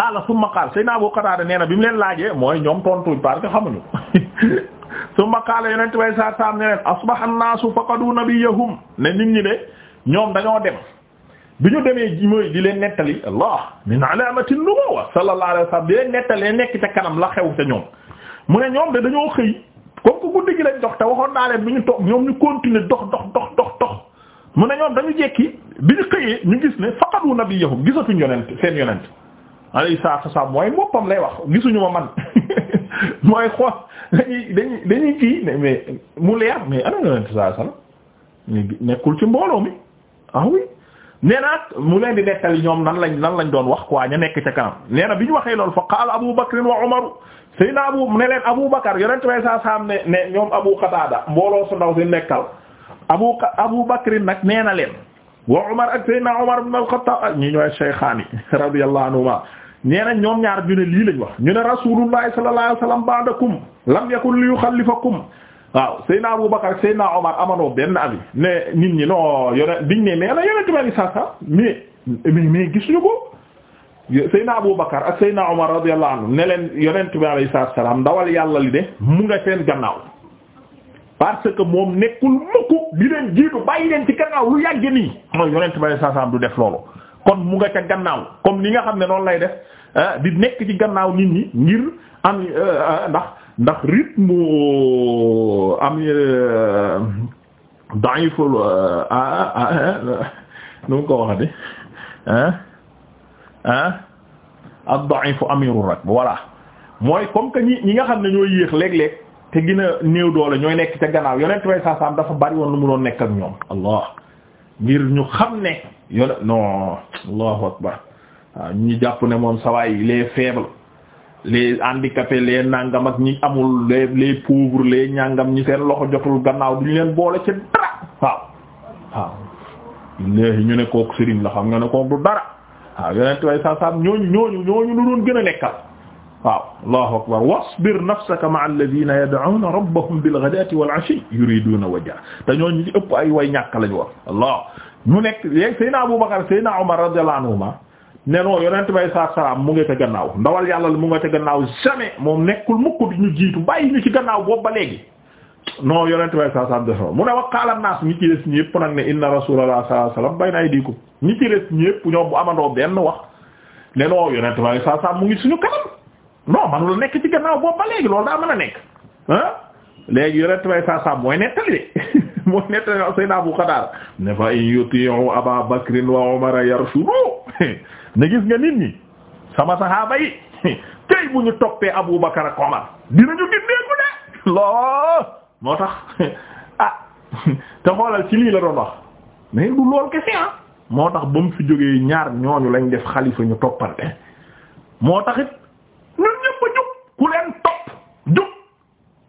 xaala summa qaala Seydina Abu Qataada nee na bi mu leen laajee mooy ñoom tontu parce que xamuñu summa qaala yonent way saa saam ne leen asbaha an-naasu faqadu nabiyyahum ne nit ñi de ñoom dañoo dem bi ñu demee mooy di leen nettali allah min alaamati nubuwwa sallallahu alayhi wa sallam di leen nettali nekk ca kanam la xew ca ñoom mu ne ñoom de dañoo xëy comme que guddi gi lañ dox te waxoon naa leen bi ñu toog ñoom ñu continuer dox dox dox dox dox mu ne ñoom dañu jekki bi ñu xëyee ñu gis ne faqadu nabiyyahum gisatuñ yonent seen alayhi salaatu saa mooy moppam lay wax gisuñu ma man mooy xool dañuy dañuy dañuy kii mais mu leer mais ana yonent sallallahu alayhi wasallam nekkul ci mbooloo mi ah oui nee mu leen di nettali ñoom nan lañ nan lañ doon wax quoi ña nekk ca kanam nee na bi ñu waxee loolu fa qaala Abu Bakr wa Umar Seydina Abu ne leen Abu Bakr yonent sallallahu alayhi wasallam ne ne ñoom Abu Qatada mbooloo su ndaw si nekkal Abu Abu Bakr nag nee na leen. wa Umar ak Seydina Umar ibn al-Khattab ñi ñooy shaykhaani radiyallahu anhuma nee na ñoom ñaar ñu ne lii lañ wax ñu ne rasulullahi sallallahu alayhi wasallam ba'dakum lam yakun li yukhalifakum waaw Seydina Abu Bakar ak Seydina Omar amanoo benn avis ne nit ñi non yone biñ ne mais na yonentu Yàlla saa saa mais mais mais gisuñu ko Seydina Abu Bakar ak Seydina Omar radiyallahu anhu ne leen yonentu Yàlla saa salaam ndawal yàlla li de mu nga seen gannaaw parce que moom nekkul mukk di leen jiitu bàyyi leen ci gannaaw lu yàgg nii mooy yonent bi saa saa du def loolu kon mu nga ca gannaaw comme li nga xam ne noonu lay def ah, di nekk ci gannaaw nit ñi ngir am ah, ndax ndax ko waxati ah ah ad-da'ifu amirur mooy comme que ñi ñi nga xam ne ñoo yéex léeg-léeg. te gën a néew doole ñooy nekk ca gannaaw yonent way saasaam dafa bari woon lu mu doon nekk ak ñoom allah ngir ñu xam ne yone non allahu akbar waaw ah, ñi jàpp ne moom sawaay les faibles les handicapés les nàngam ak ñi amul les les pauvres les ñàngam ñi seen loxo jotul gannaaw duñu leen boole ci dara waaw waaw ñu ne kook sëriñ la xam nga ne kook du dara waaw ah, yonent way saasaam ñooñu ñooñu ñooñu lu doon gën a nekkal waaw allahu akbar wasbir nafsaka ma'a alladhina yad'una rabbahum bil ghadati wal 'ashi yuriduna wajha te ñooñu ci ëpp ay way ñàkk lañu war allah ñu nekk léegi Seydina Abu Bakar Seydina Umar radiyallahu anhuma ne noo yonent bay saa salaam mu nga ca gannaaw ndawal yàlla mu nga ca gannaaw jamais moom nekkul mukk di ñu jiitu bàyyi ñu ci gannaaw boobu ba léegi non yonent bay saa salaam defoon mu ne wa qaala naas ñi ci des ñëpp nag ne inna rasulallah sallallahu alayhi wasallam bayna aydikum ñi ci des ñëpp ñoom bu amandoo benn wax ne noo yonent bay saa salaam mu ngi suñu kanam non manula nekk ci gannaaw boobu léegi loolu daa mën a nekk ah léegi yonent bay sasam mooy nettali de mooy nettali Seydina Abu Xadaar ne fa in yuti'u Aba Bakrin wa Umara yarshudu ne gis nga nit ñi sama saxaaba yi tey bu ñu toppee Abu Bakar ak Umar dinañu gindeeku de loo moo tax ah te xoolal ci lii la doon wax mais du lool kese ah moo tax ba mu fi jógee ñaar ñooñu lañ def xalifa ñu toppante moo taxit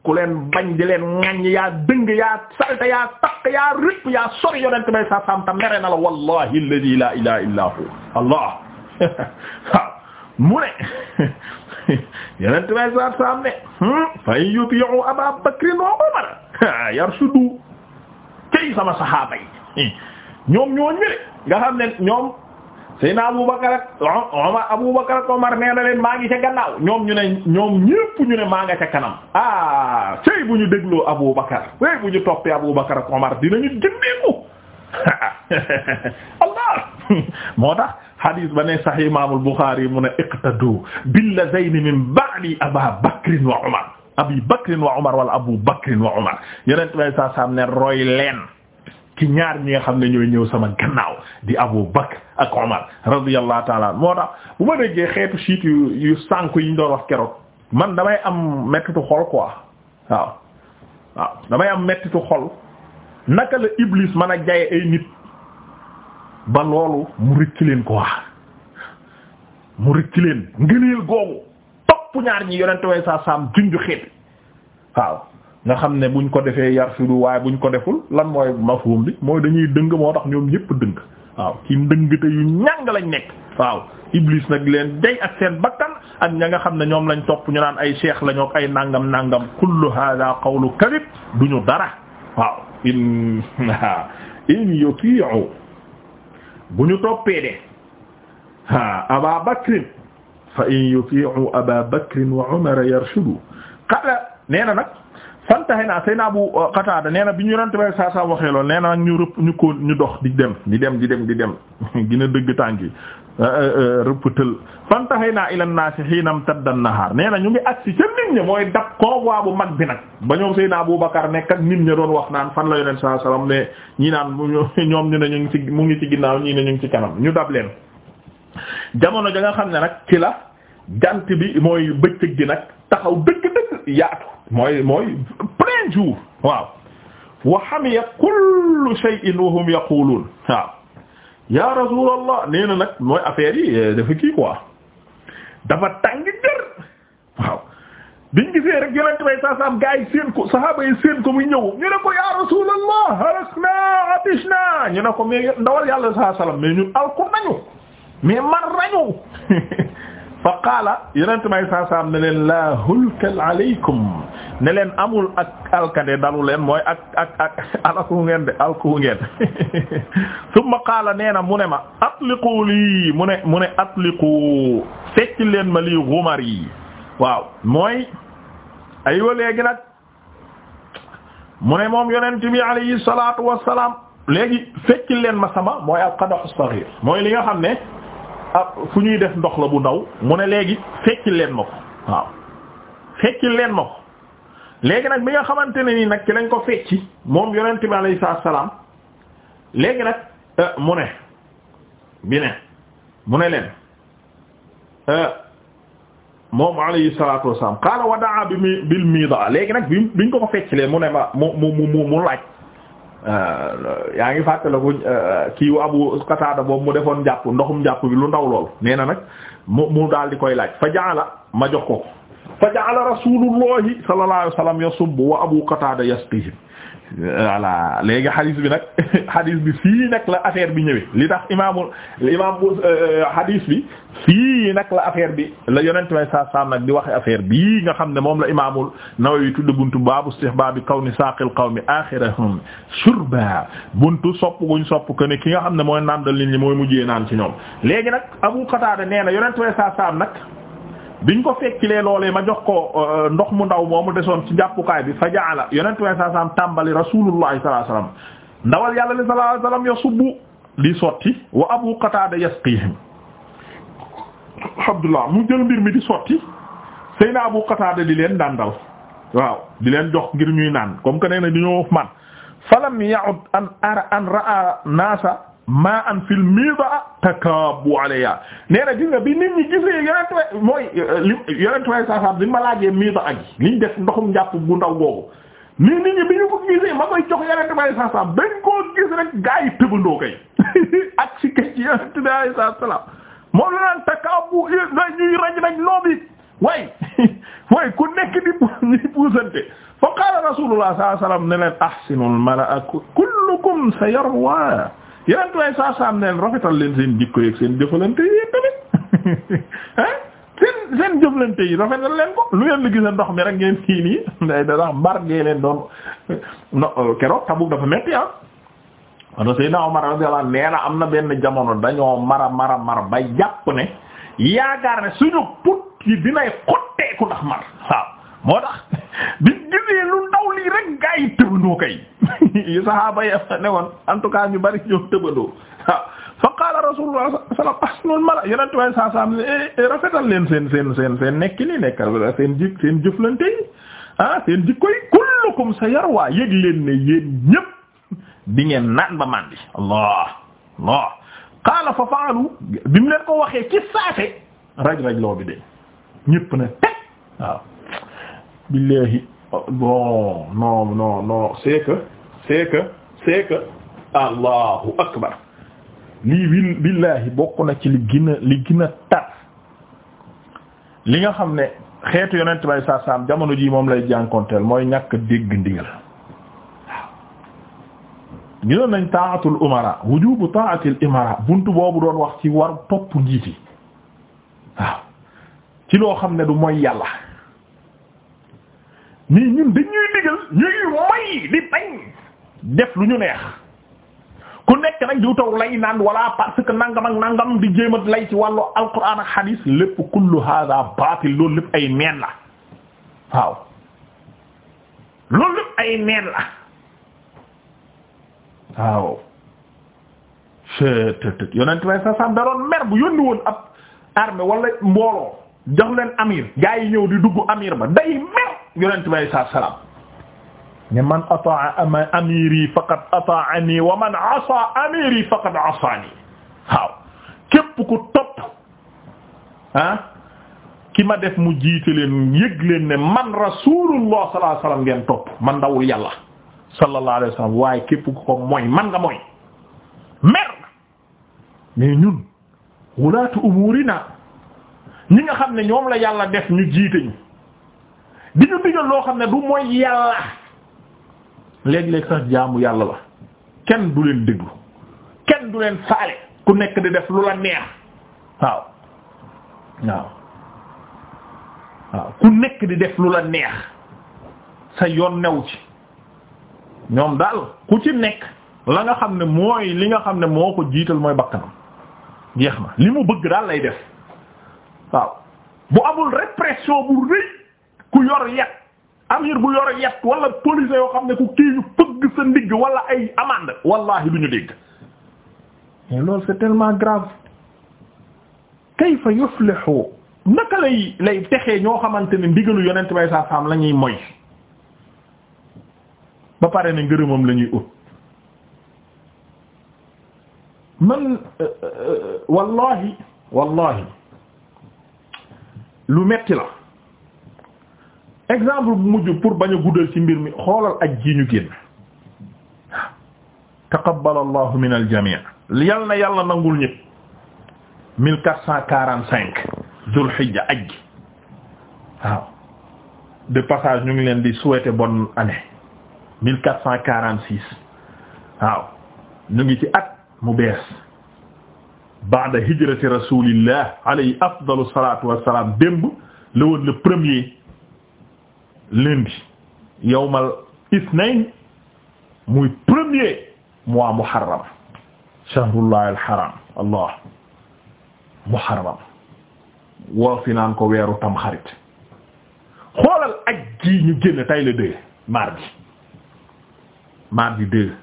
ku leen bañ di leen ŋaññ yaa dëng yaa salte yaa takk yaa rëpp yaa sori yonent bay sa sam na la wallahi alladhi allah mu ne yonent bay sa sam ne hmm, fa in yuti'u aba bakrin wa umar yarshudu kay sama sahaaba yi ñoom ñoo ñëre nga xam ne ñoom Seydina Aboubacar ak Omar Aboubacar ak Omar nee na leen maa ngi ca gannaaw ñoom ñu ne ñoom ñépp ñu ne maa nga ca kanam ah sëy bu ñu dégloo Aboubacar sëy bu ñu toppee Aboubacar ak Omar dinañu gëndeeku Allah moo tax hadith ba ne Sahih Imam al-Bukhari mu ne iqtadu billazayni min ba'di Aba Bakrin wa Omar Abi Bakrin wa Omar wala Abu Bakrin wa Omar yeneen tubaab yi saa saa ne roy leen. ci ñaar ñi nga xam ne ñooy ñëw sama gannaaw di Abu Bakr ak Omar radiyallahu taala moo tax bu ma déggee xeetu siit yu yu yi ñu doon wax keroog man damay am mettitu xol quoi waaw waaw damay am mettitu xol naka la Iblis man a jay ay nit ba loolu mu rëcc leen quoi mu rëcc leen ngëneel googu topp ñaar ñi yonente way sa saam junju xeet waaw nga xam ne bu buñ ko defee yar sudu waaye buñ ko deful lan mooy mafhum bi mooy dañuy dëng moo tax ñoom ñëpp dëng waaw ci ndëngte yu ñàng lañ nekk waaw iblis nag leen day ak seen bakkan ak ña nga xam ne ñoom lañ topp ñu naan ay seex lañook ay nangam nangam kullu hada qawlu kadib duñu dara waaw in in yuti'u bu ñu toppee de a aba fa in yuti'u aba bakrin wa umar yarshudu qala nee nag fantaxe naa sëy naa bu euh, Qataada nee na bi ñu yonente bay saa saa waxee loolu nee na ñu rëpp ñu ko ñu dox di dem di dem di dem di dem gën a dëgg tànk yi euh, euh, rëpptël fantaxe naa ilan naasi xiinam taddan nahaar nee na ñu ngi agsi ca nit ñi mooy dab convoi bu mag bi nag ba ñoom sëy naa Abu Bakar nekk ak nit ñi doon wax naan fan la yonent saa sallam ne ñi naan ñoom ñu ne ñu ngi ci mu ngi ci ginnaaw ñii ne ñu ngi ci kanam ñu dab leen jamono ja nga xam ne nag ci la jant bi mooy bëccëg gi nag taxaw dëgg-dëgg yaatu mooy mooy plein jour waaw wa hamiya kullu shay'in wa hum ya rasulallah nee na mooy affaire yi eh, dafa kii quoi dafa tàng jër waaw biñ gisee rek bay saa saam gaa yi ko sahaaba yi seen ko muy ñëw ñu ne ko ya rasulallah halasna atishna ñu ne ko mais ndawal yàlla saa nañu mais mar nañu fa qaala yenent may saasaam ne leen laa hulkal aleykum ne leen amul ak alkade dalu leen mooy ak ak ak alaku ngeen de alku ngeen summa qaala nee na mu ne ma atliqu lii mu ne mu ne atliqu fecc leen ma lii xumar yi waaw mooy aywa léegi nag mu ne moom yonent bi alayhi salaatu wassalaam léegi fecc leen ma sama mooy al qadahu mooy li nga xam ne ah fu ñuy def ndox la bu ndaw mu ne léegi fekkil leen ma ko waaw fekkil leen ma ko léegi nag bi nga xamante ne nii nag ci lañ ko fecci moom yonent bi alayhi salaam léegi nag eh, mu ne bi ne mu ne leen eh, moom alayhi salaatu wasalaam qaala wadaa bi bil miida léegi nag bi biñ ko ko fecc leen mu ne ma mu mu mu mu laaj Euh, yaa ngi fàttaliku euh, kii Abu Qatada boobu mu defoon njàpp ndoxum njàpp bi lu ndaw lool nee na nag mu mu daal di koy laaj fa jaala ma jox ko fa jaala rasulullahi sallallahu alayhi wasallam yasubbu wa Abu Qatada yasqihim voilà léegi xadis bi nag xadis bi fii nag la affaire bi ñëwee li tax imaamul imaam euh, xadis bi fii nag la affaire bi la yonent may saa saa nag di waxe affaire bii nga xam ne moom la imaamul Nawawi tudd buntu baabu istihbaabi kawni saaqil qawmi aaxirahum shurba buntu sopp guñ sopp que ne ki nga xam ne mooy naan dal nit mooy mujjee naan ci ñoom léegi nag Abu Qataada nee na yonent may saa nag. biñ ko fekkilee loolee ma jox ko euh, ndox mu ndaw moomu desoon ci jàppukaay bi fa jaala yonent tàmbali rasulullahi sallallahu alayhi wasallam ndawal yàlla li sallallahu alayhi wasallam yasubbu li sotti wa abu qatada yasqihim alhamdulillah mu jël mbir mi di sotti sayna abu qatada di leen dandal waaw di leen jox ngir ñuy naan comme que nee na dañoo man falam ya'ud an ara an ra'a naasa maa an fil miida takaabu alayha nee na gis nga bi nit ñi gisee yonent way mooy euh, li yonent way saa saa bi ma laajee miida ak liñ def ndoxum njàpp bu ndaw googu nii nit ñi bi ñu ko gisee ma koy jox yonent way saa saa dañ koo gis rek gaa yi tëbandoo kay ak si kay ci yonent bi alayhi salaam moom la naan takaabu ñuy raj raj noobi way way ku nekk di di puusante fa qaala rasulullah sallallahu alayhi wasallam ne leen ahsinul malaa kullukum sayarwa yeneen tuwaay saa neen rafetal leen seen jikko yeeg seen jëfalante yi tamit ah seen seen jëflante yi rafetal leen ko lu ngeen lu gis ndox mi rek ngeen kii nii day da ndax mbar gee leen doon no keroog Tabuk dafa metti ah. wala Seydina am na benn jamono dañoo mara mara mar ba jàpp ne yaakaar ne suñu put yi dinay xotteeku ndax mar waaw moo tax. biñ gisee lu ñu bari ñoom tëbandoo eh, eh, leen seen seen seen seen nekki ni nekk seen ji ah, ngeen naan ba màndi allah allah qaala fa faalu bi mu leen ko waxee ci saate raj raj loo bi de ñépp na teg waaw billahi bon non non non c'est que c'est allahu akbar lii wi bokk na ci li gën li gën tar li nga xam ne xeetu yonent bay saa saam jamono ji moom lay jànkonteel mooy ñàkk dégg ndigal waaw ginoon nañ taatul umara wujubu taatil umara bunt boobu doon wax ci war topp njiiti waaw ci loo xam ne du mooy yàlla mais ñun dañuy digal ñuy moy di bañ def lu ñu neex ku nekk nag du taw lay naan wala parce que nangam ak nangam di jéem a lay ci wàllu alquran ak hadis lépp kullu hada baatil loolu lépp ay neen la waaw loolu lépp ay neen la waaw cettt yonent way sa san daroon mer bu yónni woon ab armée wala mbooloo jox leen amir gaa yi ñëw di dugg amir ba day mer yonent bi alayhi salaam ne man ataa amiri faqad ataani wa man asa amiri faqad asaani waaw képp ku topp ah ki ma def mu jiite leen yëg leen ne man rasulullah sallallahu alayhi ngeen topp man ndawul yàlla sallallahu alayhi wasallam waaye képp ko mooy man nga mooy mer mais ñun wulaatu umurina ñi nga xam ne ñoom la yàlla def ñu jiite ñu di ñu digal loo xam ne du mooy yàlla léeg-léeg sax jaamu yàlla la kenn du leen déglu kenn du leen faale ku nekk di def lu la neex waaw waaw waaw ku nekk di def lu la neex sa yoon new ci ñoom daal ku ci nekk la nga xam ne mooy li nga xam ne moo ko jiital mooy bakkanam jeex na li mu bëgg daal lay def waaw bu amul répression bu rëy ku yor yet amir bu yor yet wala police yoo xam ne ku kii ñu pëgg sa ndigg wala ay amande wallahi du ñu dégg mais loolu c'est tellement grave kayfa yuflihu naka lay lay texee ñoo xamante ne ndigalu yonent bay saa saam la ñuy moy ba pare ne ngërëmam la ñuy ut man euh, euh, wallahi wallahi lu metti la exemple bu mujj pour bañ a ci mbir mi xoolal aj ji ñu génn taqabbal allahu min al jami' yal na yàlla nangul ñëpp mille quatre cinq dul hijja aj de passage ñu ngi leen di souhaiter bonne année mille quatre ñu ngi ci at mu bees ba'da hijrati rasulillah alayhi afdalu salatu wassalam démb la woon le premier lundi yawmal isnayn muy premier mois muharram shahrullah al haram allah muharram wolof yi naan ko weeru tamxarit xoolal aj ji ñu génn tay le deux mardi mardi deux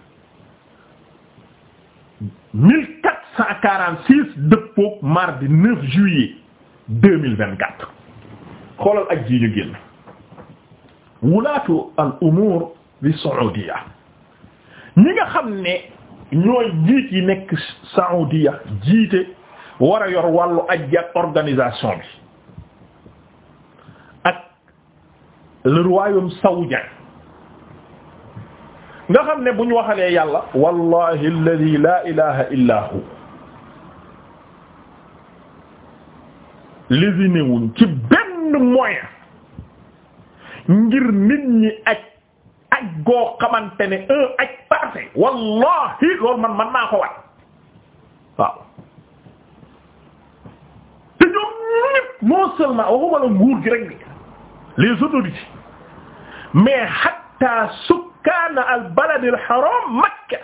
mille quatre cent quarante six dëppook mardi neuf juillet deux mille vingt quatre xoolal aj ji ñu génn wulaatu al umur bi Saudiya ñi nga xam ne ñooy jiit yi nekk Saudiya jiite war a yor wàllu ak organisation bi ak le royaume saoudien nga xam ne bu ñu waxalee yàlla wallahi alladhi la hu lésiné wuñ ci benn moyen ngir nit ñi aj aj goo xamante ne un aj parfait wallahi loolu man man naa ko wat waaw te ñoom ñépp non seulement waxuma la nguur gi rek bi les autorités mais hatta sukkaana al balad al haram makka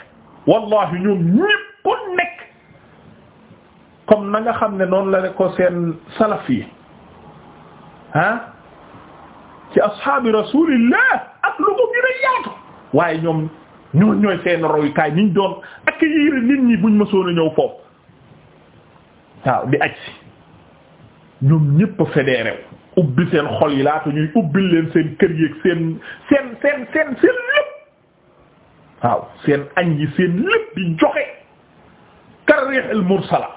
wallahi ñoom ñépp ku nekk comme na nga xam ne noonu la ne ko seen salaf yi ah, ci ashaabi rasulillah ak lu ko gën a yaatu waaye ñoom ñu ñooy seen royukaay nit ñi buñ mësoon a ñëw foofu waaw di aj si ñoom ñépp a ubbi seen xol yi laatu ñuy ubbil leen seen kër yi ak seen seen seen seen lépp waaw seen añ yi seen lépp joxe karrihil mursala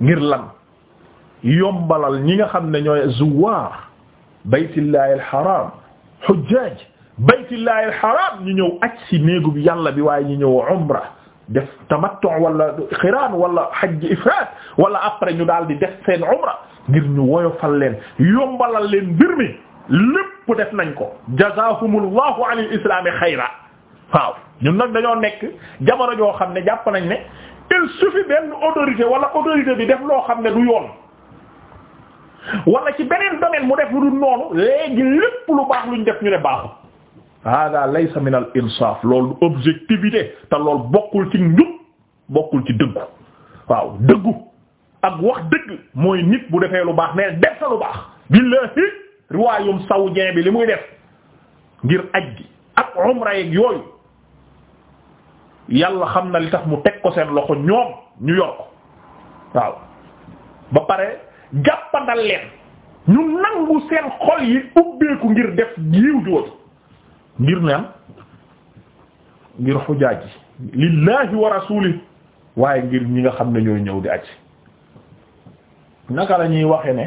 ngir lan yombalal ñi nga xam ne ñooy zuwaar baytillahi alxaram hujjaj baytillahi alxaram ñu ñëw aj si bi yàlla bi waaye ñu ñëw umra def tamattu wala xiraan wala hajj ifraat wala après ñu daal di def seen umra ngir ñu woyofal leen yombalal leen mbir mi lépp def nañ ko jazahumullahu anil islami xayra waaw ñun nag dañoo nekk jamono joo xam ne jàpp nañ ne il suffit benn wala autorité bi def loo xam ne du yoon wala ci beneen domaine mu def lu dul noonu léegi lépp lu baax luñ def ñu ne baaxul hada laysa min al insaf loolu objectivité te loolu bokkul ci njub bokkul ci dëggu waaw dëggu ak wax dëgg mooy nit bu defee lu baax neen def sa lu baax billahi riwaayum saoudien bi li muy def ngir aj gi ak umra yeeg yooyu yàlla xam na li tax mu teg ko seen loxo ñoom ñu yor waaw ba pare jàppandal leen ñu nangu seen xol yi ubbeeku ngir def yiw jooju ngir naan ngir xujaaj yi lillahi wa waaye ngir ñi nga xam ne ñoo ñëw di aj naka la ñuy waxe ne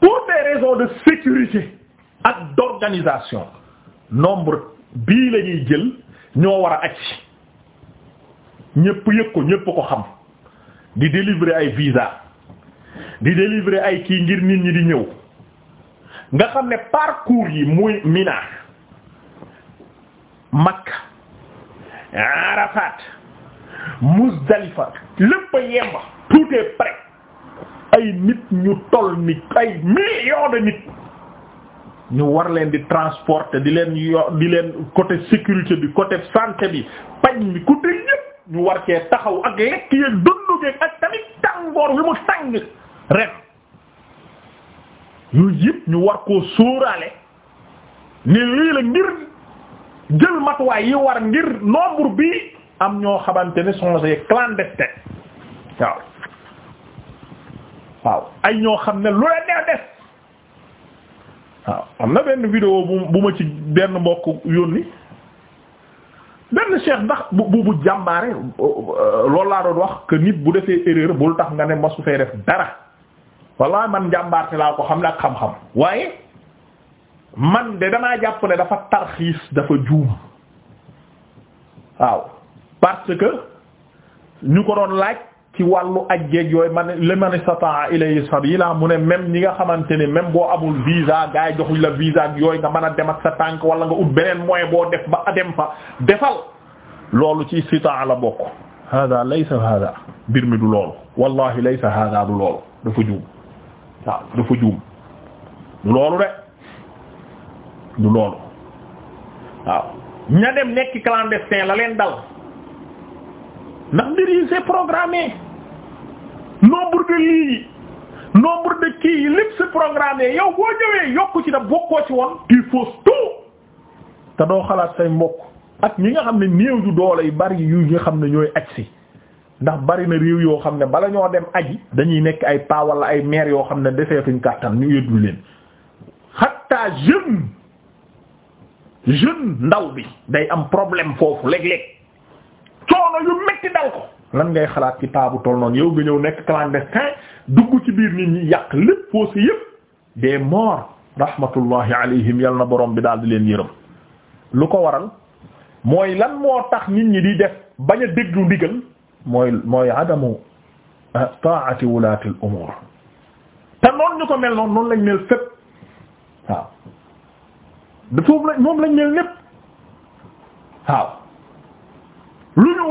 pour des raisons de sécurité ak d'organisation nombre bii lañuy jël ñoo war a aj ñépp yëg ko ñépp ko xam di délivrer ay visa di délivrer ay kii ngir nit ñi di ñëw nga xam ne parcours yi muy Mina Makka Arafat Muzdalifa lépp a yemba tout ay nit ñu toll ni ay millions de nit ñu war leen di transporter di leen yo- di leen côté sécurité bi côté santé bi pañ bi côté yépp ñu war cee taxaw ak lekk yeeg dundu geeg ak tamit tàngoor wi mu tàng ren yooyu yëpp ñu war koo sóoraale ni lii la ngir jël matuwaay yi war ngir nombre bi am ñoo xamante ne songé clandestin waaw waaw ay ñoo xam ne lu la neex def waaw am na benn vidéo bu bu ma ci benn mbokk yónni benn cheikh ndax bu bu bu jàmbaare euh, euh, loolu laa doon wax que bu defee erreur bul tax nga ne ma su fee def dara wallaay man njàmbaarte laa ko xam ne ak xam-xam waaye man de damaa jàpp ne dafa tarxiis dafa juum waaw parce que ñu ko doon laaj ci wàllu ajjeeg yooyu man li man istata'a ilayhi sabila mu ne même ñi nga xamante ne même boo amul visa gaa yi joxuñ la visa ak yooyu nga mën a dem ak sa tànk wala nga ub beneen moyen boo def ba dem fa defal loolu ci istitaa la bokk hada laysa hada mbir mi du loolu wallahi laysa hada du loolu dafa juum waaw dafa juum du loolu de du loolu waaw ña dem nekk clandestin la leen dal ndax mbir yi c'est programmé nombre de lits yi nombre de kii yi lépp c'est programmé yow boo ñëwee yokk ci da bokkoo ci woon tu fausses tout te doo xalaat say mbokk ak ñi nga xam ne néew yu doole yu bari yu nga xam ne ñooy agsi ndax bari na réew yoo xam ne bala ñoo dem aji dañuy nekk ay pa wala ay maire yoo xam ne defeetuñ kàttan ñu yëddu leen xatta jeune jeune ndaw bi day am problème foofu léeg-léeg coono yu metti dal ko lan ngay xalaat ci paa bu toll noonu yow nga ñëw nekk clandestin dugg ci biir nit ñi yàq lépp foo si yëpp des morts rahmatullahi alayhim yal na borom bi daal di leen yërëm lu ko waral mooy lan moo tax nit ñi di def bañ a déglu ndigal mooy mooy adamu ah, taati wulaati al noonu lañ mel moom lañ mel lépp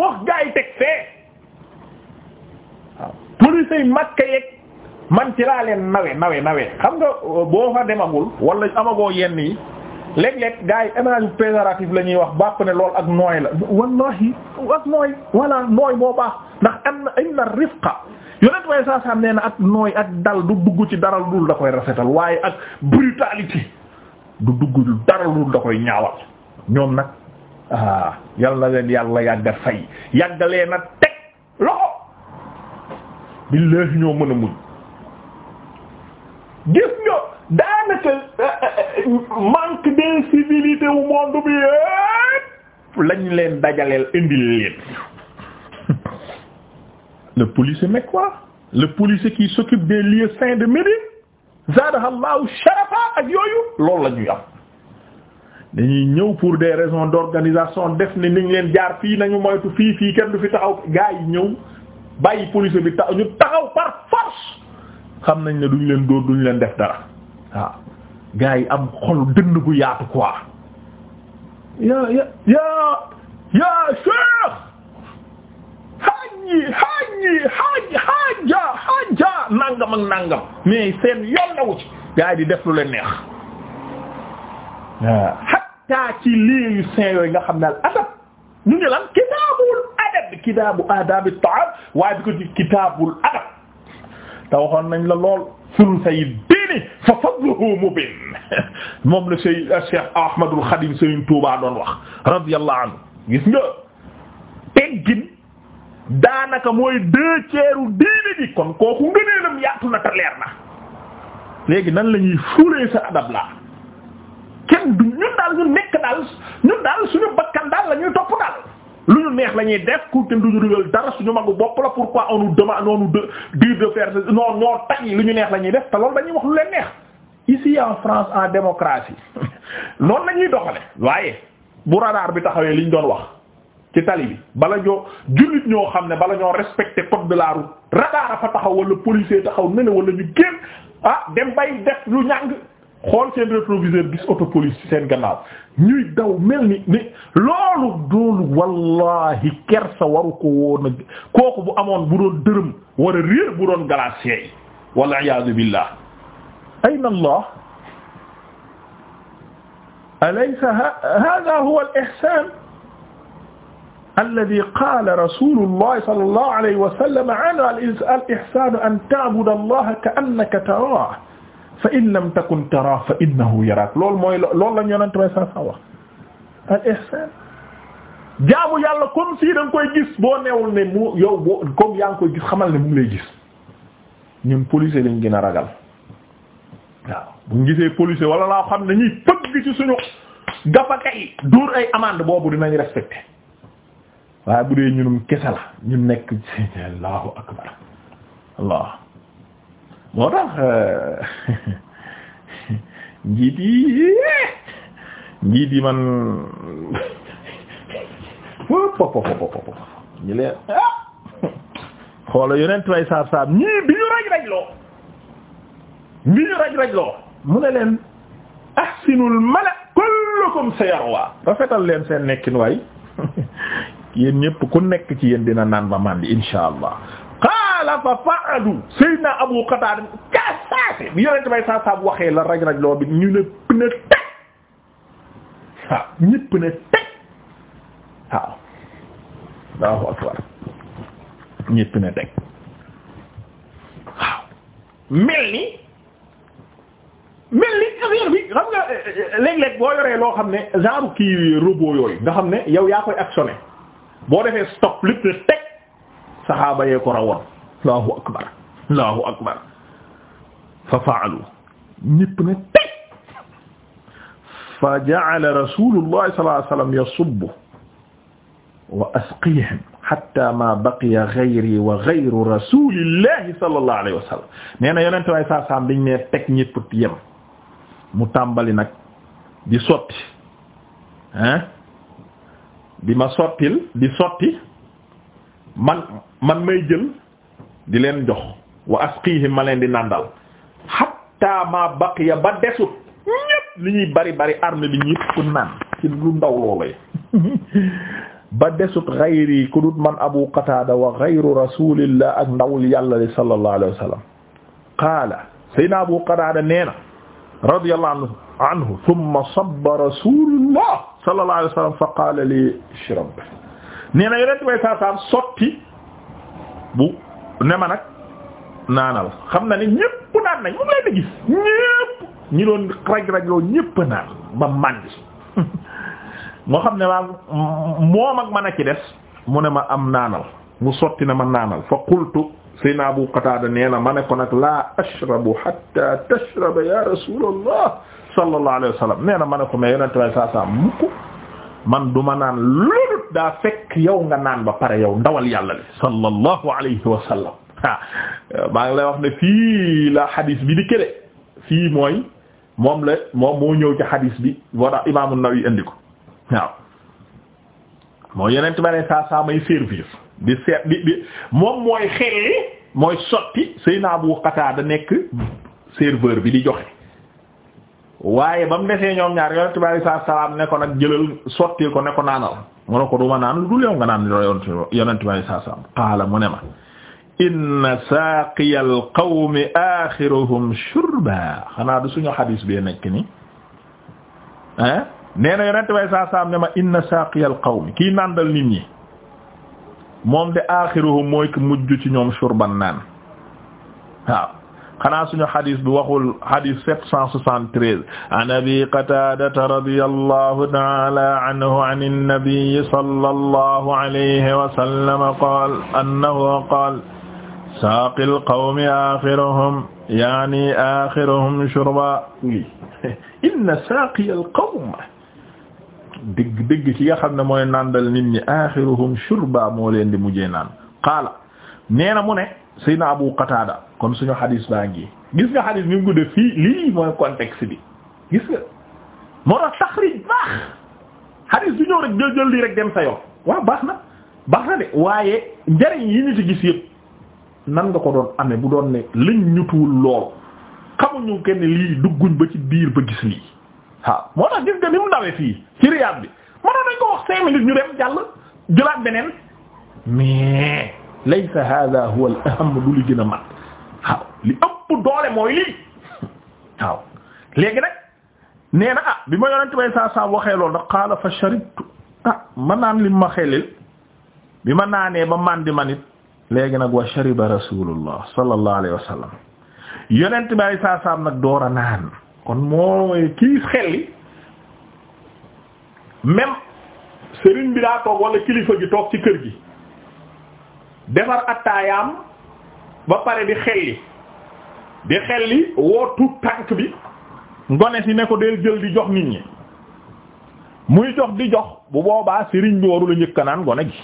wax gaa yi teg fee waaw police yi man ci laa leen nawe nawe nawe xam nga boo fa demagul wala amagoo yenn yi léeg-léeg gaa yi éménage péjoratif la ñuy wax bàpp ne lool ak nooy la wallahi ak nooy walla nooy boo baax ndax am na inna rifqa yonent way saa saam nee ak nooy ak dal du dugg ci daral lu dul da koy rafetal waaye ak brutalité du dugg lu dara dul da koy ñaawal ñoom nag ah yal na leen yàlla yàgga fay yàggalee na teg loxo billaahi ñoo mën a muñ gis ñoo daanaka manque de civilité wu monde bi yépp lañ leen dajaleel indil leen le policier mais quoi le policier qui s'occupe des lieux saints de Médine zaadaha Allahu sharafa ak yooyu loolu la am dañuy ñëw pour des raisons d'organisation def ne niñ leen jaar fii nañu moytu fii fii kenn du fi taxaw gaa yi ñëw bàyyi policier bi tax ñu taxaw par force xam nañ ne duñu leen dóor duñu leen def dara waaw gars yi am xol dënn bu yaatu quoi ya ya ya ya cheikh hajji hajji hajj hajja hajja nàngam ak nàngam mais seen yoon nawu ci gars yi di def lu leen neex waaw hatta ci lieyu saint yooyu nga xam ne al adab ñu ngi lan kitaabul adab kitaabu adab at-ta'am waaye bi ko ci kitaabul adab te waxoon nañ la lool sulusay diini fa fadluhu mubin moom la say Cheikh Ahmadul Xadim Serigne Touba doon wax radiyallahu anhu gis nga teggin daanaka mooy deux tiers diini gi kon kooku ngëneelam yaatu na te leer na léegi nan la ñuy fulee adab la kenn du daal ñu nekk daal ñun daal suñu bakkan daal lu ñu neex la ñuy def ku te duñu dugal dara suñu magu bopp la pourquoi on nous demande on nous dit de faire non ñoo tag yi lu ñu neex la ñuy def te loolu dañuy wax lu leen neex ici en France en démocratie lool la ñuy doxale waaye bu radar bi taxawee liñ doon wax ci tali bi bala ñoo jullit ñoo xam ne bala ñoo respecter code de la route radar a fa taxaw wala policier taxaw nene wala ñu génn ah dem bay def lu ñàng xool seen rétroviseur gis autopolice ci seen gannaaw ñuy daw mel ni ni loolu doolu wallahi kersa waru ko woon a kooku bu amoon bu doon dërëm war a réer bu doon glacier wal iyaadu billah ayna allah alaysa hada huwa al ihsan alladi qaala rasulullahi sallallahu alayhi wa sallam ala al ihsan an ta'buda allaha ka'annaka taraahu fa in lam takun tara fa innahu yaraak loolu mooy loolu la ñu yonent way sa sa wax al ihsan jaamu yàlla comme si da koy gis boo newul ne mu yow boo comme yaa ngi koy gis xamal ne mu ngi lay gis ñun police lañ gën a ragal waaw buñ gisee police wala laa xam ne ñuy pëgg ci suñu gafakay dóor ay amande boobu dinañ respecté waaye bu dee ñunum kese la ñu nekk ci allahu akbar moo tax euh, njiit yi njiit yi man popopopopopop ñi leen ah xoola yonent way saab saab ñii bi ñu raj raj loo bi ñu raj raj loo mu ne leen ahsinul mala kullukum sayarwa rafetal leen seen nekkin waay yéen ñëpp ku nekk ci yéen dina naan ba màndi insha allah la fa fa'alu Seydina Abu bi yonente bay saa saab waxee la raj-raj loo bi ñu ne pëna teg waaw ñëpp ne teg waaw mel ni mel ni affaire bi boo yoree loo xam ne genre kii robot yooyu nga xam ne yow yaa koy actionné boo defee stop lépp ne teg saxaaba yee ko rawoon allahu akbar allahu akbar fa faalu ñépp ne tey fa ja'ala rasulullah sallallahu alayhi wasallam yasubbu wa asqihim hatta ma baqiya ghayri wa ghayru rasulillahi sallallahu alayhi wasallam nee na yonente way saa saam biñ ne teg ñépp yem mu tàmbali nag di sotti hein di ma sottil di sotti man man may jël di leen jox wa asqihim ma leen di nàndal hatta ma baqiya ba desut ñépp li ñuy bari bari arme bi ñépp ku naan ci lu ndaw loolee ba desut xayri ku dut man abu qatada wa xayru rasulillah ak ndawul yàlla li sallallahu alayhi wa sallam qaala sayna abu qatada nee na radiyallahu anhu thumma sabba rasulullah sallallahu alayhi wa sallam fa qaala li ishrab nee na yeneen way saa saam sotti bu ne ma naanal xam na ne ñépp naan nañ moom doon raj-raj moo xam ne maa moom ak man des mu ne ma am naanal mu sotti na man naanal fa qultu sayna Abu Qatada nee na nag laa ashrabu hatta tashraba ya rasulallah ma ne ko daa fekk yow nga naan ba pare yow ndawal yàlla li sallallahu alayhi wa sallam maa ngi lay wax ne fii la hadith bi di kële fii mooy moom la moom moo ñëw ci hadith bi boo tax imaamu Nawawi indi ko waaw mooy yeneen tubaab yi saa saa may servir di seet di di moom mooy xel mooy sotti Seydina Abu Qatada nekk serveur bi di joxe. waaye ba mu defee ñoom ñaar yonent bi alayhi salaam ne ko nag jëlal sotti ko ne ko naanal mu ko duma naan lu dul yow nga naan yonent yonent may saasaam qaala mu ne ma inna saaqiya alqawmi axiruhum shurba xanaa du suñu xadiis bee nekk ni ah nee na yonent may saasaam ne ma inna saaqiya alqawmi kii nandal nit ñi moom de axiruhum mooy ki ci ñoom shurban naan xanaa suñu xadis bi waxul xadis 773 an abi qataadata radiyallahu ta'ala anhu an an-nabi sallallahu alayhi wa sallam qaala annahu qaala saaqil qawmi aaxiruhum yaani aaxiruhum shurba inna saaqiyal qawm dëgg dëgg ci nga xam ne mooy nandal nit ñi aaxiruhum shurba moo leen di mujjee naan qaala nee na mu ne Seydina Abu Qataada kon suñu xadis baa ngi gis nga xadis bi mu guddee fii lii mooy contexte bi gis nga moo tax taxrij baax xadis du ñëw rek lii rek dem sa waaw baax na baax na de waaye njariñ yi ñu ci gis yëpp nan nga ko doon amee bu doon ne liñ ñutuwul lool xamuñu kenn lii dugguñ ba ci biir ba gis lii waaw moo tax gis nga mu ndawee fii ci Riyad bi mënoon nañ ko wax cinq minutes ñu dem jàll jëlaat beneen mais laysa hadha huwa al du li gën a mat waaw li ëpp doole mooy lii waaw léegi nag nee na ah bi ma yonent bay saa saa waxee loolu nag qaala fa sharibtu ah ma naan lim ma xelil bi ma naanee ba mandi manit léegi nag wa shariba rasulullah sallallahu alayhi yonent bay saa nag door a naan kon mooy kii xelli même sëriñ bi daa toog wala kilifa gi toog ci kër gi defar attaayam ba pare di xelli di xelli wootu tànk bi ngone si ne ko del jël di jox nit ñi muy jox di jox bu boobaa sëriñ bi waru la njëkka naan ngone gi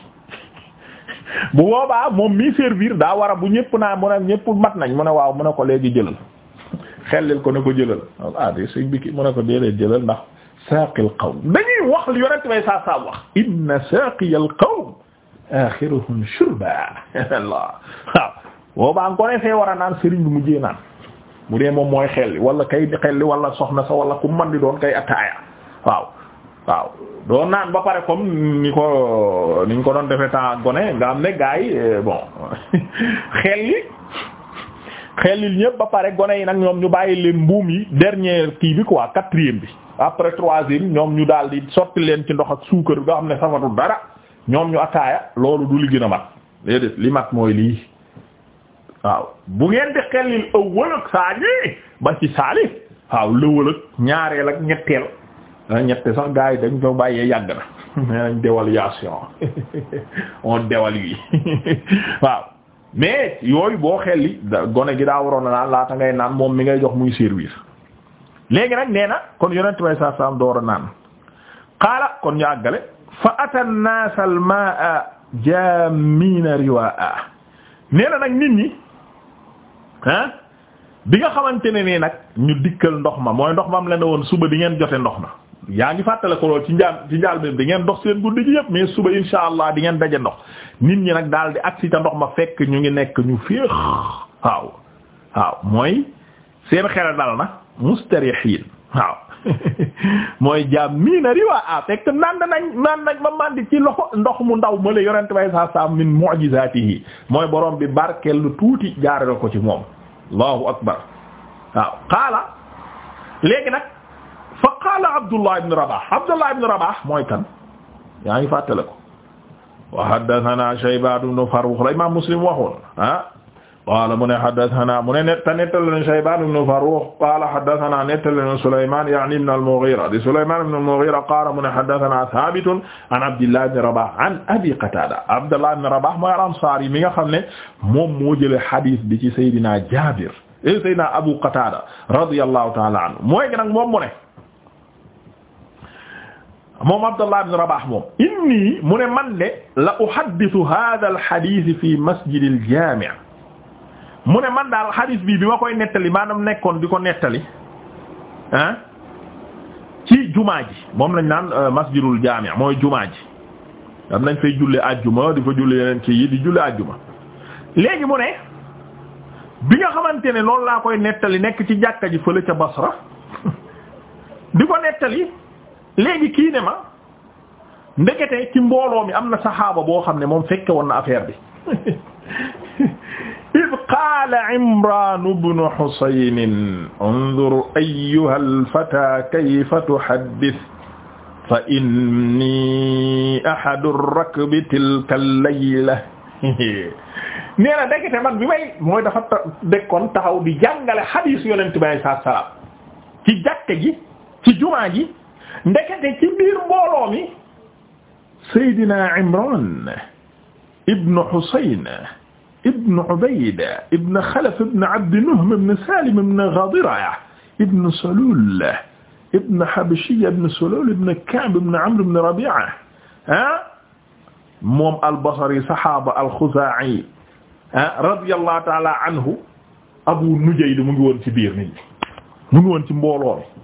bu boobaa moom mi servir daa war a bu ñëpp naa mu ne ñëpp mat nañ mu ne waaw mu ne ko léegi jëlal xellil ko ne ko jëlal ah de sëriñ bi ki mu ne ko déedéet jëlal ndax saaqil qawm dañuy wax li yonent bay saa saa wax inna saaqiyal qawm axiruhum shurba waaw boobaa ngone fee war a naan sëriñ bi mujjee naan mu dee moom mooy xelli wala kay xelli wala soxna sa wala ku man di doon kay attaaya waaw waaw doon naan ba pare comme ni ko niñ ko doon defee temps gone nga am ne gaa yi eh, bon xelli ñëpp ba pare gone yi nag ñoom ñu bàyyi leen mbuum yi dernier kii bi quoi quatrième bi après troisième ñoom ñu daal di sotti leen ci ndox ak suukar bi nga xam ne safatu dara ñoom ñu attaaya loolu du li gën a mat léegi li lii waaw bu ngeen di xellil awwal ak saani ba ci saalif waaw lëwal ak ñaareel ak ñetteel a ah ñette sax gars yi dañ ko bàyyee yàgg na mais nañ dévaluation on dévalue waaw mais yooyu boo xelli gone gi daa waroon na naan laata ngay naan moom mi ngay jox muy servir léegi nag nee na kon yonent bay saa saam door a naan qaala kon ñu fa ata an-nas jamina riwaa nee na nag nit ñi ah bi nga xamante ne nii nag ñu dikkal ndox ma mooy ndox ma am la ne woon suba di ngeen jote ndox ma yaa ngi fàttale ko lool ci njaal ci njaal bi di ngeen dox seen guddi gi yëpp mais suba insha allah di ngeen daje ndox nit ñi nag daal di agsi ca ndox ma fekk ñu ngi nekk ñu féex waaw waaw mooy seen xel dal na mustarihin waaw mooy jaam mii na riwaa a ah, fekk naan nañ naan mandi ci loxo ndox mu ndaw ma la yonent bay saa saam min mu'jizatihi mooy borom bi barkeel lu tuuti jaarale ko ci moom allahu akbar waaw qaala léegi nag fa qaala abdullah ibn rabah abdullah ibn rabah mooy kan yaa ngi fàttale ko wa haddathana shaybatu ibn farrukh la imam muslim waxoon ah qaala mu ne haddasanaa mu ne net ta nettali na Shaybaan ibn Farrukh qaala haddasanaa nettali na Sulaymaan yaani ibn al-Mughiira di Sulaymaan ibn al-Mughiira qaala mu ne haddasanaa Saabit an Abdillah ibn Rabaah an Abi Qataada Abdillah ibn Rabaah mooy al-Ansaari mi nga xam ne moom moo jëlee hadiis bi ci Seydina Jaabir et eh, Seydina Abu Qataada radiyallahu ta'aala anhu mooy nag moom mu ne. moom Abdullah ibn Rabah moom inni mu ne man de la uhaddithu haadha al-hadiis fi masjidil jaami' mu ne man daal xadiis bi bi ma koy nettali maanaam nekkoon di ko nettali ah ci jumaa ji moom lañ naan euh, masjidul jaami' mooy jumaa ji dam nañ fay julli àjjuma di fa julli yeneen kii yi di julli àjjuma léegi mu ne bi nga xamante ne loolu laa koy nettali nekk ci jàkka ji fële ca Basra di ko nettali léegi kii ne ma ndekete ci mbooloo mi am na saxaaba boo xam ne moom fekke woon na affaire bi qaala Imraan ibnu Husayn unzur ayyuhal fataa kayfa tuhaddith fa inni ahadu rakbi tilka layla nee na dëkkate man bi may mooy dafa dëkkoon taxaw di jàngale hadiis Yonent bi sallallahu alayhi wa sallam ci jàkka ji ci jumaa ji ndekete ci biir mbooloo mi Seydina Imraan ibnu Husayn ibn Ubayd ibn Xalaf ibn Abd Nuhm ibn Salim ibn Ghadira ibn Salul ibn Habshi ibn Salul ibn Ka'b ibn Amr ibn Rabi'a ah moom al-Basri saxaaba al-Xuzaa'i radiyallahu ta'ala anhu Abu Nujayl mu ngi woon ci biir nit ñi mu ngi woon ci mbooloo